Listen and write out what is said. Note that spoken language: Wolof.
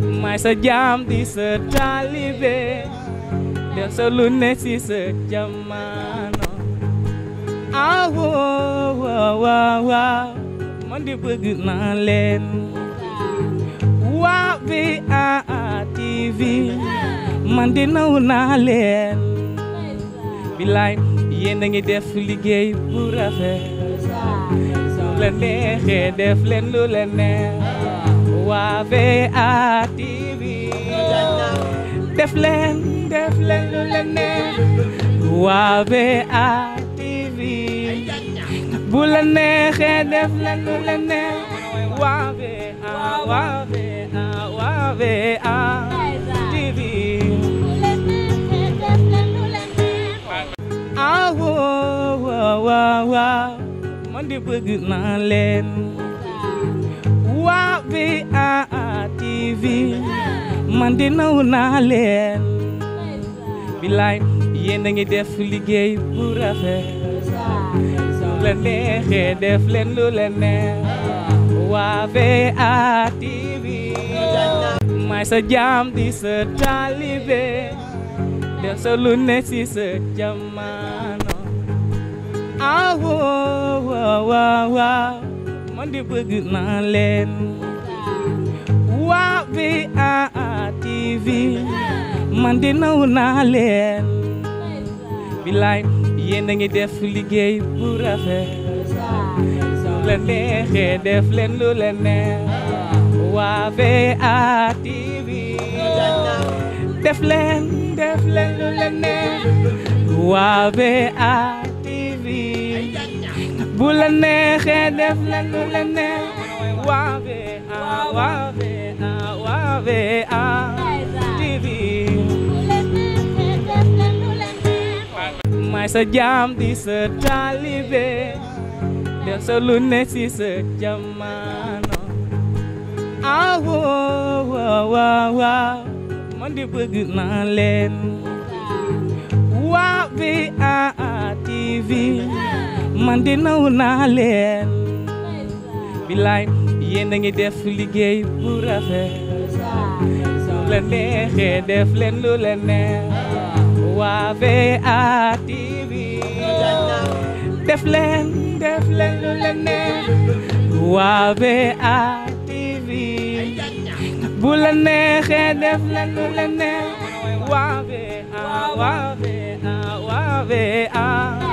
may sa jaam di sa taalibe def sa lu ne si sa jamano ah waaw di bëgg naa leen waa VAA TV man di naw naa leen bilaay yéen ngi def liggéey bu rafet la neexee def leen lu waa VA TV def leen def leen lu leen neex waa VA TV bu la neexee def leen lu leen neex waa VA waa VA waa VA TV ah waaw waaw waaw man di bëgg naa leen waa VA TV man de naw naa leen bilaay yéen ngi def liggéey bu rafet su la def leen lu waa VA TV may sa jaam di sa def sa ne si sa jamono ah waaw man di bëgg naa leen waa VA TV man di naw naa leen bilaay yéen a ngi def liggéey bu rafet su def leen lu waa VA TV def def leen lu la neex waa VA TV ku la neexee def la lu la neex waawe a waawe a waawe a TV sa jaam di sa taalibe def sa lu si sa jamano ah wow wow wow, man di bëgg naa leen man de naw naa leen bilaay yéen a def liggéey bu rafet def leen lu waa VA TV def def leen lu waa VA TV bu la neexee def leen lu la neex waa VA waa VA waa